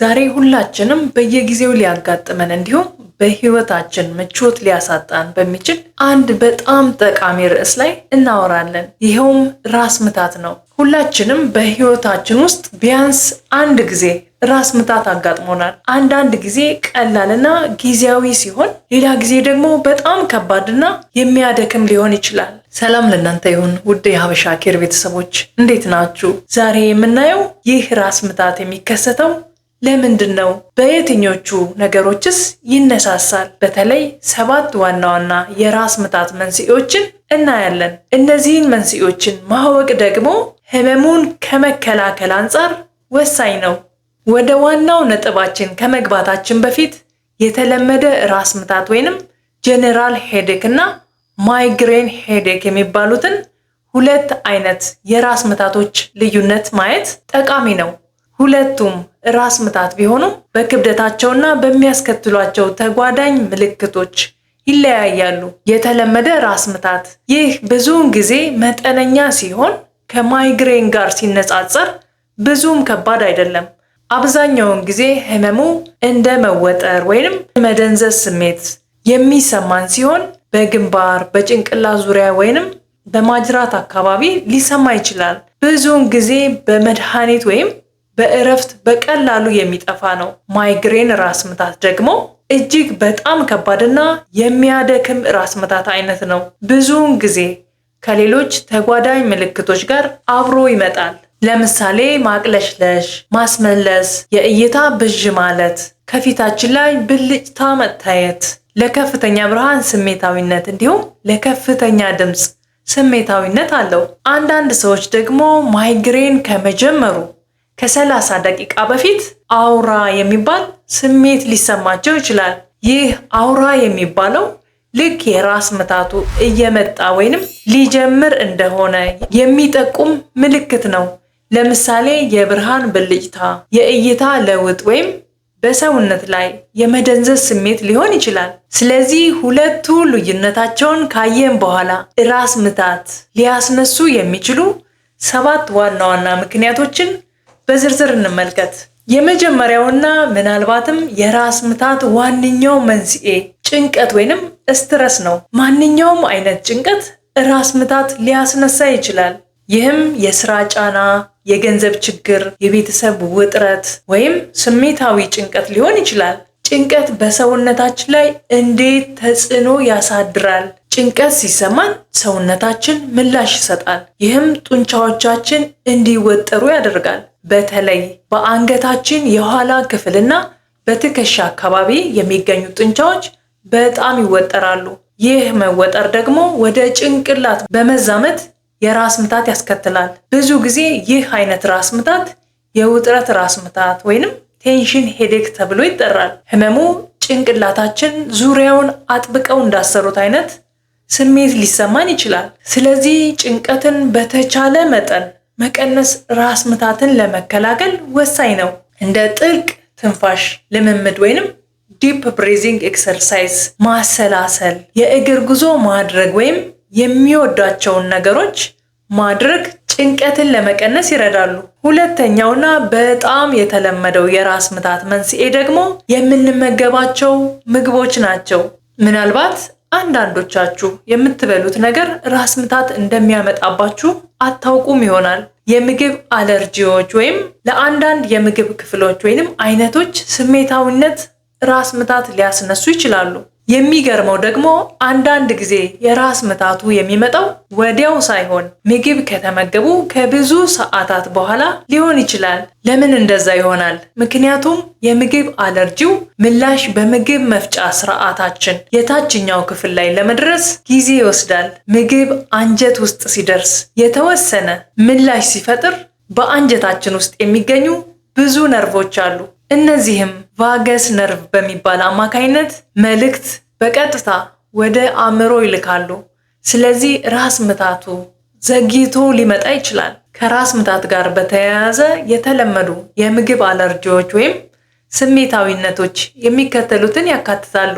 ዛሬ ሁላችንም በየጊዜው ሊያጋጥመን እንዲሁም በህይወታችን ምቾት ሊያሳጣን በሚችል አንድ በጣም ጠቃሚ ርዕስ ላይ እናወራለን። ይኸውም ራስ ምታት ነው። ሁላችንም በህይወታችን ውስጥ ቢያንስ አንድ ጊዜ ራስ ምታት አጋጥሞናል። አንዳንድ ጊዜ ቀላልና ጊዜያዊ ሲሆን፣ ሌላ ጊዜ ደግሞ በጣም ከባድና የሚያደክም ሊሆን ይችላል። ሰላም ለእናንተ ይሁን ውድ የሀበሻ ኬር ቤተሰቦች እንዴት ናችሁ? ዛሬ የምናየው ይህ ራስ ምታት የሚከሰተው ለምንድን ነው? በየትኞቹ ነገሮችስ ይነሳሳል? በተለይ ሰባት ዋና ዋና የራስ ምታት መንስኤዎችን እናያለን። እነዚህን መንስኤዎችን ማወቅ ደግሞ ህመሙን ከመከላከል አንጻር ወሳኝ ነው። ወደ ዋናው ነጥባችን ከመግባታችን በፊት የተለመደ ራስ ምታት ወይንም ጄኔራል ሄዴክ እና ማይግሬን ሄዴክ የሚባሉትን ሁለት አይነት የራስ ምታቶች ልዩነት ማየት ጠቃሚ ነው። ሁለቱም ራስ ምታት ቢሆኑም በክብደታቸውና በሚያስከትሏቸው ተጓዳኝ ምልክቶች ይለያያሉ። የተለመደ ራስ ምታት፣ ይህ ብዙውን ጊዜ መጠነኛ ሲሆን ከማይግሬን ጋር ሲነጻጸር ብዙም ከባድ አይደለም። አብዛኛውን ጊዜ ህመሙ እንደ መወጠር ወይንም መደንዘዝ ስሜት የሚሰማን ሲሆን በግንባር፣ በጭንቅላት ዙሪያ ወይንም በማጅራት አካባቢ ሊሰማ ይችላል። ብዙውን ጊዜ በመድኃኒት ወይም በእረፍት በቀላሉ የሚጠፋ ነው። ማይግሬን ራስ ምታት ደግሞ እጅግ በጣም ከባድና የሚያደክም ራስ ምታት አይነት ነው። ብዙውን ጊዜ ከሌሎች ተጓዳኝ ምልክቶች ጋር አብሮ ይመጣል። ለምሳሌ ማቅለሽለሽ፣ ማስመለስ፣ የእይታ ብዥ ማለት፣ ከፊታችን ላይ ብልጭታ መታየት፣ ለከፍተኛ ብርሃን ስሜታዊነት እንዲሁም ለከፍተኛ ድምፅ ስሜታዊነት አለው። አንዳንድ ሰዎች ደግሞ ማይግሬን ከመጀመሩ ከሰላሳ ደቂቃ በፊት አውራ የሚባል ስሜት ሊሰማቸው ይችላል። ይህ አውራ የሚባለው ልክ የራስ ምታቱ እየመጣ ወይንም ሊጀምር እንደሆነ የሚጠቁም ምልክት ነው። ለምሳሌ የብርሃን ብልጭታ፣ የእይታ ለውጥ ወይም በሰውነት ላይ የመደንዘዝ ስሜት ሊሆን ይችላል። ስለዚህ ሁለቱ ልዩነታቸውን ካየን በኋላ ራስ ምታት ሊያስነሱ የሚችሉ ሰባት ዋና ዋና ምክንያቶችን በዝርዝር እንመልከት። የመጀመሪያውና ምናልባትም የራስ ምታት ዋነኛው መንስኤ ጭንቀት ወይንም ስትረስ ነው። ማንኛውም አይነት ጭንቀት ራስ ምታት ሊያስነሳ ይችላል። ይህም የስራ ጫና፣ የገንዘብ ችግር፣ የቤተሰብ ውጥረት ወይም ስሜታዊ ጭንቀት ሊሆን ይችላል። ጭንቀት በሰውነታችን ላይ እንዴት ተጽዕኖ ያሳድራል? ጭንቀት ሲሰማን ሰውነታችን ምላሽ ይሰጣል። ይህም ጡንቻዎቻችን እንዲወጠሩ ያደርጋል። በተለይ በአንገታችን የኋላ ክፍልና በትከሻ አካባቢ የሚገኙ ጡንቻዎች በጣም ይወጠራሉ። ይህ መወጠር ደግሞ ወደ ጭንቅላት በመዛመት የራስ ምታት ያስከትላል። ብዙ ጊዜ ይህ አይነት ራስ ምታት የውጥረት ራስ ምታት ወይንም ቴንሽን ሄዴክ ተብሎ ይጠራል። ህመሙ ጭንቅላታችን ዙሪያውን አጥብቀው እንዳሰሩት አይነት ስሜት ሊሰማን ይችላል። ስለዚህ ጭንቀትን በተቻለ መጠን መቀነስ ራስ ምታትን ለመከላከል ወሳኝ ነው። እንደ ጥልቅ ትንፋሽ ልምምድ ወይንም ዲፕ ብሬዚንግ ኤክሰርሳይዝ፣ ማሰላሰል፣ የእግር ጉዞ ማድረግ ወይም የሚወዷቸውን ነገሮች ማድረግ ጭንቀትን ለመቀነስ ይረዳሉ። ሁለተኛውና በጣም የተለመደው የራስ ምታት መንስኤ ደግሞ የምንመገባቸው ምግቦች ናቸው። ምናልባት አንዳንዶቻችሁ የምትበሉት ነገር ራስ ምታት እንደሚያመጣባችሁ አታውቁም ይሆናል። የምግብ አለርጂዎች ወይም ለአንዳንድ የምግብ ክፍሎች ወይንም አይነቶች ስሜታዊነት ራስ ምታት ሊያስነሱ ይችላሉ። የሚገርመው ደግሞ አንዳንድ ጊዜ የራስ ምታቱ የሚመጣው ወዲያው ሳይሆን ምግብ ከተመገቡ ከብዙ ሰዓታት በኋላ ሊሆን ይችላል። ለምን እንደዛ ይሆናል? ምክንያቱም የምግብ አለርጂው ምላሽ በምግብ መፍጫ ስርዓታችን የታችኛው ክፍል ላይ ለመድረስ ጊዜ ይወስዳል። ምግብ አንጀት ውስጥ ሲደርስ የተወሰነ ምላሽ ሲፈጥር በአንጀታችን ውስጥ የሚገኙ ብዙ ነርቮች አሉ። እነዚህም ቫገስ ነርቭ በሚባል አማካይነት መልእክት በቀጥታ ወደ አእምሮ ይልካሉ። ስለዚህ ራስ ምታቱ ዘግይቶ ሊመጣ ይችላል። ከራስ ምታት ጋር በተያያዘ የተለመዱ የምግብ አለርጂዎች ወይም ስሜታዊነቶች የሚከተሉትን ያካትታሉ።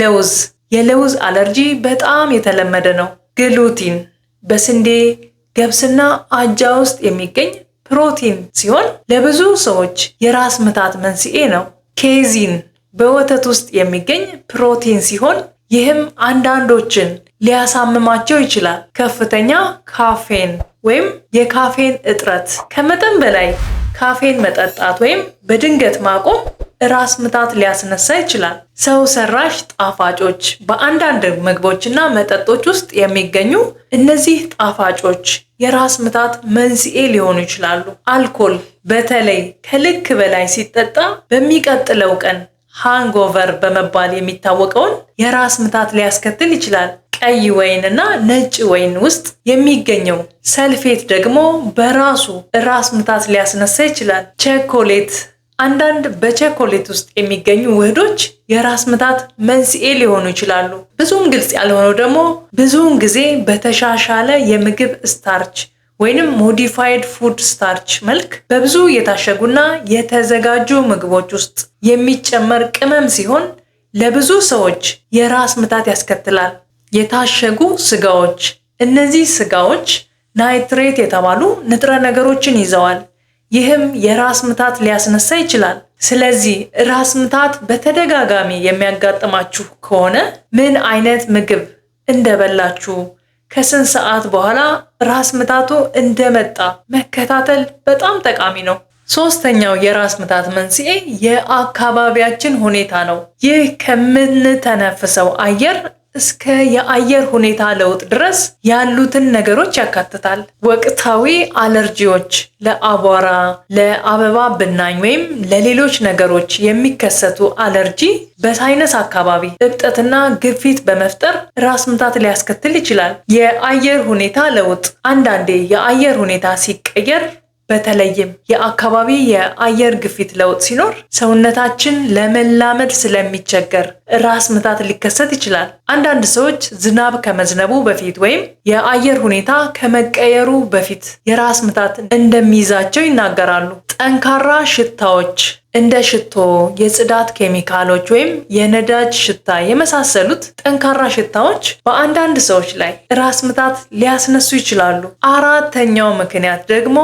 ለውዝ፣ የለውዝ አለርጂ በጣም የተለመደ ነው። ግሉቲን በስንዴ ገብስና አጃ ውስጥ የሚገኝ ፕሮቲን ሲሆን ለብዙ ሰዎች የራስ ምታት መንስኤ ነው። ኬዚን በወተት ውስጥ የሚገኝ ፕሮቲን ሲሆን ይህም አንዳንዶችን ሊያሳምማቸው ይችላል። ከፍተኛ ካፌን ወይም የካፌን እጥረት፣ ከመጠን በላይ ካፌን መጠጣት ወይም በድንገት ማቆም ራስ ምታት ሊያስነሳ ይችላል። ሰው ሰራሽ ጣፋጮች በአንዳንድ ምግቦችና መጠጦች ውስጥ የሚገኙ እነዚህ ጣፋጮች የራስ ምታት መንስኤ ሊሆኑ ይችላሉ። አልኮል በተለይ ከልክ በላይ ሲጠጣ በሚቀጥለው ቀን ሃንጎቨር በመባል የሚታወቀውን የራስ ምታት ሊያስከትል ይችላል። ቀይ ወይን እና ነጭ ወይን ውስጥ የሚገኘው ሰልፌት ደግሞ በራሱ ራስ ምታት ሊያስነሳ ይችላል። ቸኮሌት፣ አንዳንድ በቸኮሌት ውስጥ የሚገኙ ውህዶች የራስ ምታት መንስኤ ሊሆኑ ይችላሉ። ብዙም ግልጽ ያልሆነው ደግሞ ብዙውን ጊዜ በተሻሻለ የምግብ ስታርች ወይንም ሞዲፋይድ ፉድ ስታርች መልክ በብዙ የታሸጉና የተዘጋጁ ምግቦች ውስጥ የሚጨመር ቅመም ሲሆን ለብዙ ሰዎች የራስ ምታት ያስከትላል። የታሸጉ ስጋዎች፣ እነዚህ ስጋዎች ናይትሬት የተባሉ ንጥረ ነገሮችን ይዘዋል። ይህም የራስ ምታት ሊያስነሳ ይችላል። ስለዚህ ራስ ምታት በተደጋጋሚ የሚያጋጥማችሁ ከሆነ ምን አይነት ምግብ እንደበላችሁ ከስንት ሰዓት በኋላ ራስ ምታቱ እንደመጣ መከታተል በጣም ጠቃሚ ነው። ሶስተኛው የራስ ምታት መንስኤ የአካባቢያችን ሁኔታ ነው። ይህ ከምንተነፍሰው አየር እስከ የአየር ሁኔታ ለውጥ ድረስ ያሉትን ነገሮች ያካትታል። ወቅታዊ አለርጂዎች ለአቧራ፣ ለአበባ ብናኝ ወይም ለሌሎች ነገሮች የሚከሰቱ አለርጂ በሳይነስ አካባቢ እብጠትና ግፊት በመፍጠር ራስ ምታት ሊያስከትል ይችላል። የአየር ሁኔታ ለውጥ አንዳንዴ የአየር ሁኔታ ሲቀየር በተለይም የአካባቢ የአየር ግፊት ለውጥ ሲኖር ሰውነታችን ለመላመድ ስለሚቸገር ራስ ምታት ሊከሰት ይችላል። አንዳንድ ሰዎች ዝናብ ከመዝነቡ በፊት ወይም የአየር ሁኔታ ከመቀየሩ በፊት የራስ ምታት እንደሚይዛቸው ይናገራሉ። ጠንካራ ሽታዎች እንደ ሽቶ፣ የጽዳት ኬሚካሎች ወይም የነዳጅ ሽታ የመሳሰሉት ጠንካራ ሽታዎች በአንዳንድ ሰዎች ላይ ራስ ምታት ሊያስነሱ ይችላሉ። አራተኛው ምክንያት ደግሞ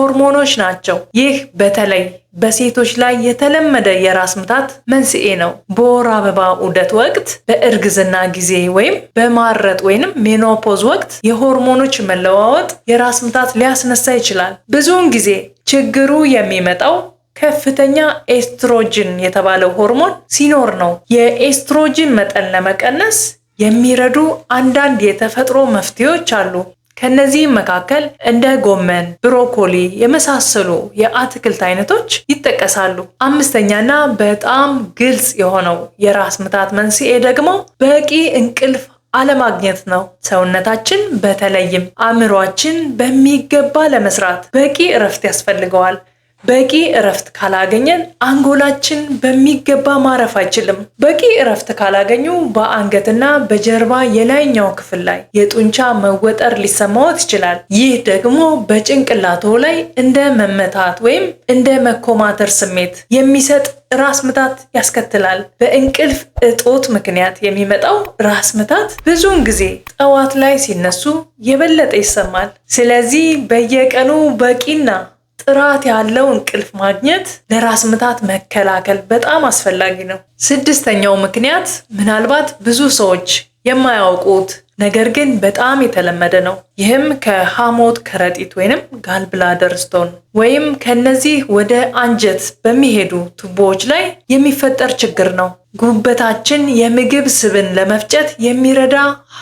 ሆርሞኖች ናቸው። ይህ በተለይ በሴቶች ላይ የተለመደ የራስ ምታት መንስኤ ነው። በወር አበባ ዑደት ወቅት፣ በእርግዝና ጊዜ ወይም በማረጥ ወይም ሜኖፖዝ ወቅት የሆርሞኖች መለዋወጥ የራስ ምታት ሊያስነሳ ይችላል። ብዙውን ጊዜ ችግሩ የሚመጣው ከፍተኛ ኤስትሮጅን የተባለው ሆርሞን ሲኖር ነው። የኤስትሮጅን መጠን ለመቀነስ የሚረዱ አንዳንድ የተፈጥሮ መፍትሄዎች አሉ። ከእነዚህም መካከል እንደ ጎመን፣ ብሮኮሊ የመሳሰሉ የአትክልት አይነቶች ይጠቀሳሉ። አምስተኛና በጣም ግልጽ የሆነው የራስ ምታት መንስኤ ደግሞ በቂ እንቅልፍ አለማግኘት ነው። ሰውነታችን በተለይም አእምሯችን በሚገባ ለመስራት በቂ እረፍት ያስፈልገዋል። በቂ እረፍት ካላገኘን አንጎላችን በሚገባ ማረፍ አይችልም። በቂ እረፍት ካላገኙ በአንገትና በጀርባ የላይኛው ክፍል ላይ የጡንቻ መወጠር ሊሰማዎት ይችላል። ይህ ደግሞ በጭንቅላቶ ላይ እንደ መመታት ወይም እንደ መኮማተር ስሜት የሚሰጥ ራስ ምታት ያስከትላል። በእንቅልፍ እጦት ምክንያት የሚመጣው ራስ ምታት ብዙውን ጊዜ ጠዋት ላይ ሲነሱ የበለጠ ይሰማል። ስለዚህ በየቀኑ በቂና ጥራት ያለው እንቅልፍ ማግኘት ለራስ ምታት መከላከል በጣም አስፈላጊ ነው። ስድስተኛው ምክንያት ምናልባት ብዙ ሰዎች የማያውቁት ነገር ግን በጣም የተለመደ ነው። ይህም ከሃሞት ከረጢት ወይንም ጋልብላደር ስቶን ወይም ከነዚህ ወደ አንጀት በሚሄዱ ቱቦዎች ላይ የሚፈጠር ችግር ነው። ጉበታችን የምግብ ስብን ለመፍጨት የሚረዳ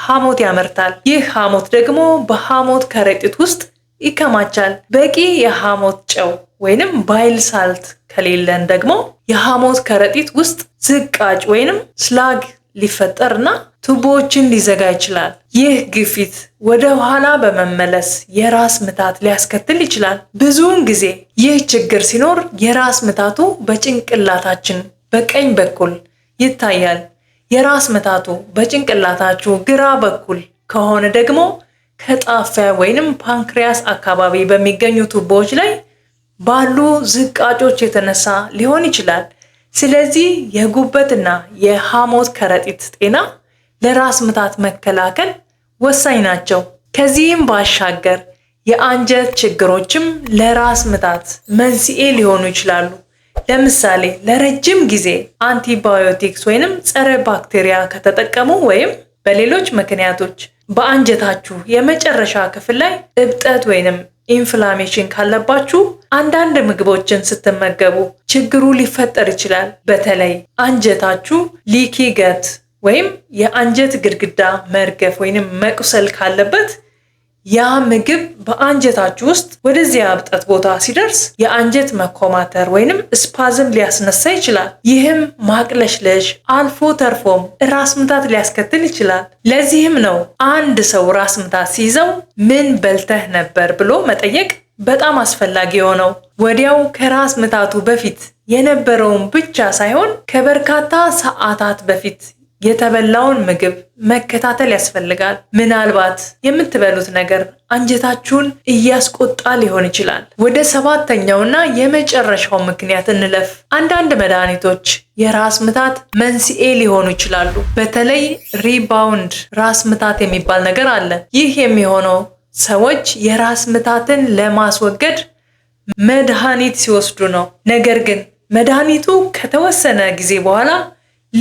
ሃሞት ያመርታል። ይህ ሃሞት ደግሞ በሃሞት ከረጢት ውስጥ ይከማቻል። በቂ የሐሞት ጨው ወይንም ባይል ሳልት ከሌለን ደግሞ የሐሞት ከረጢት ውስጥ ዝቃጭ ወይንም ስላግ ሊፈጠር እና ቱቦዎችን ሊዘጋ ይችላል። ይህ ግፊት ወደ ኋላ በመመለስ የራስ ምታት ሊያስከትል ይችላል። ብዙውን ጊዜ ይህ ችግር ሲኖር የራስ ምታቱ በጭንቅላታችን በቀኝ በኩል ይታያል። የራስ ምታቱ በጭንቅላታችሁ ግራ በኩል ከሆነ ደግሞ ከጣፋ ወይንም ፓንክሪያስ አካባቢ በሚገኙ ቱቦዎች ላይ ባሉ ዝቃጮች የተነሳ ሊሆን ይችላል። ስለዚህ የጉበትና የሐሞት ከረጢት ጤና ለራስ ምታት መከላከል ወሳኝ ናቸው። ከዚህም ባሻገር የአንጀት ችግሮችም ለራስ ምታት መንስኤ ሊሆኑ ይችላሉ። ለምሳሌ ለረጅም ጊዜ አንቲባዮቲክስ ወይንም ጸረ ባክቴሪያ ከተጠቀሙ ወይም በሌሎች ምክንያቶች በአንጀታችሁ የመጨረሻ ክፍል ላይ እብጠት ወይንም ኢንፍላሜሽን ካለባችሁ አንዳንድ ምግቦችን ስትመገቡ ችግሩ ሊፈጠር ይችላል። በተለይ አንጀታችሁ ሊኪ ገት ወይም የአንጀት ግድግዳ መርገፍ ወይንም መቁሰል ካለበት ያ ምግብ በአንጀታችሁ ውስጥ ወደዚያ እብጠት ቦታ ሲደርስ የአንጀት መኮማተር ወይንም ስፓዝም ሊያስነሳ ይችላል። ይህም ማቅለሽለሽ አልፎ ተርፎም ራስ ምታት ሊያስከትል ይችላል። ለዚህም ነው አንድ ሰው ራስ ምታት ሲይዘው ምን በልተህ ነበር ብሎ መጠየቅ በጣም አስፈላጊ የሆነው። ወዲያው ከራስ ምታቱ በፊት የነበረውን ብቻ ሳይሆን ከበርካታ ሰዓታት በፊት የተበላውን ምግብ መከታተል ያስፈልጋል። ምናልባት የምትበሉት ነገር አንጀታችሁን እያስቆጣ ሊሆን ይችላል። ወደ ሰባተኛውና የመጨረሻው ምክንያት እንለፍ። አንዳንድ መድኃኒቶች የራስ ምታት መንስኤ ሊሆኑ ይችላሉ። በተለይ ሪባውንድ ራስ ምታት የሚባል ነገር አለ። ይህ የሚሆነው ሰዎች የራስ ምታትን ለማስወገድ መድኃኒት ሲወስዱ ነው። ነገር ግን መድኃኒቱ ከተወሰነ ጊዜ በኋላ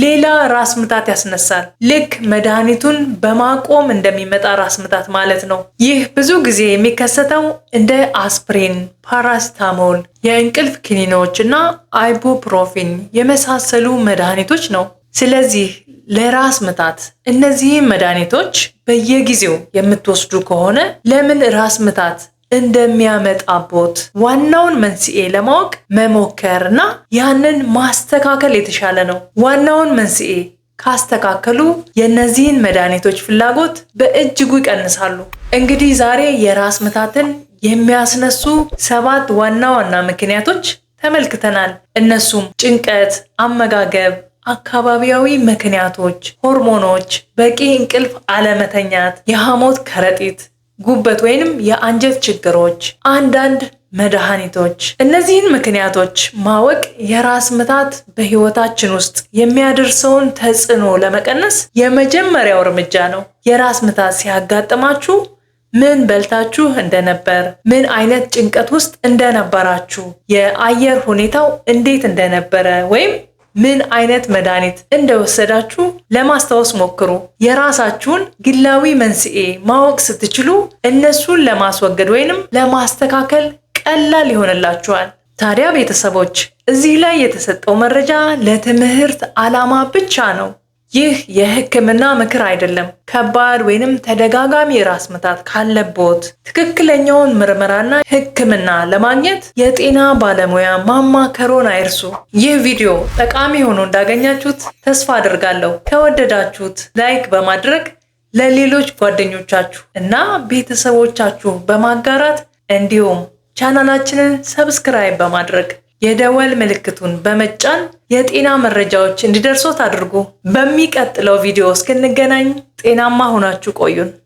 ሌላ ራስ ምታት ያስነሳል። ልክ መድኃኒቱን በማቆም እንደሚመጣ ራስ ምታት ማለት ነው። ይህ ብዙ ጊዜ የሚከሰተው እንደ አስፕሪን፣ ፓራሲታሞል፣ የእንቅልፍ ክኒኖች እና አይቡፕሮፊን የመሳሰሉ መድኃኒቶች ነው። ስለዚህ ለራስ ምታት እነዚህም መድኃኒቶች በየጊዜው የምትወስዱ ከሆነ ለምን ራስ ምታት እንደሚያመጣቦት ዋናውን መንስኤ ለማወቅ መሞከር እና ያንን ማስተካከል የተሻለ ነው። ዋናውን መንስኤ ካስተካከሉ የእነዚህን መድኃኒቶች ፍላጎት በእጅጉ ይቀንሳሉ። እንግዲህ ዛሬ የራስ ምታትን የሚያስነሱ ሰባት ዋና ዋና ምክንያቶች ተመልክተናል። እነሱም ጭንቀት፣ አመጋገብ፣ አካባቢያዊ ምክንያቶች፣ ሆርሞኖች፣ በቂ እንቅልፍ አለመተኛት፣ የሐሞት ከረጢት ጉበት ወይንም የአንጀት ችግሮች፣ አንዳንድ መድኃኒቶች። እነዚህን ምክንያቶች ማወቅ የራስ ምታት በህይወታችን ውስጥ የሚያደርሰውን ተጽዕኖ ለመቀነስ የመጀመሪያው እርምጃ ነው። የራስ ምታት ሲያጋጥማችሁ ምን በልታችሁ እንደነበር፣ ምን አይነት ጭንቀት ውስጥ እንደነበራችሁ፣ የአየር ሁኔታው እንዴት እንደነበረ ወይም ምን አይነት መድኃኒት እንደወሰዳችሁ ለማስታወስ ሞክሩ። የራሳችሁን ግላዊ መንስኤ ማወቅ ስትችሉ እነሱን ለማስወገድ ወይንም ለማስተካከል ቀላል ይሆንላችኋል። ታዲያ ቤተሰቦች እዚህ ላይ የተሰጠው መረጃ ለትምህርት ዓላማ ብቻ ነው። ይህ የህክምና ምክር አይደለም። ከባድ ወይንም ተደጋጋሚ ራስ ምታት ካለቦት ትክክለኛውን ምርመራና ህክምና ለማግኘት የጤና ባለሙያ ማማከሮን አይርሱ። ይህ ቪዲዮ ጠቃሚ ሆኖ እንዳገኛችሁት ተስፋ አድርጋለሁ። ከወደዳችሁት ላይክ በማድረግ ለሌሎች ጓደኞቻችሁ እና ቤተሰቦቻችሁ በማጋራት እንዲሁም ቻናላችንን ሰብስክራይብ በማድረግ የደወል ምልክቱን በመጫን የጤና መረጃዎች እንዲደርሶት አድርጉ። በሚቀጥለው ቪዲዮ እስክንገናኝ ጤናማ ሆናችሁ ቆዩን።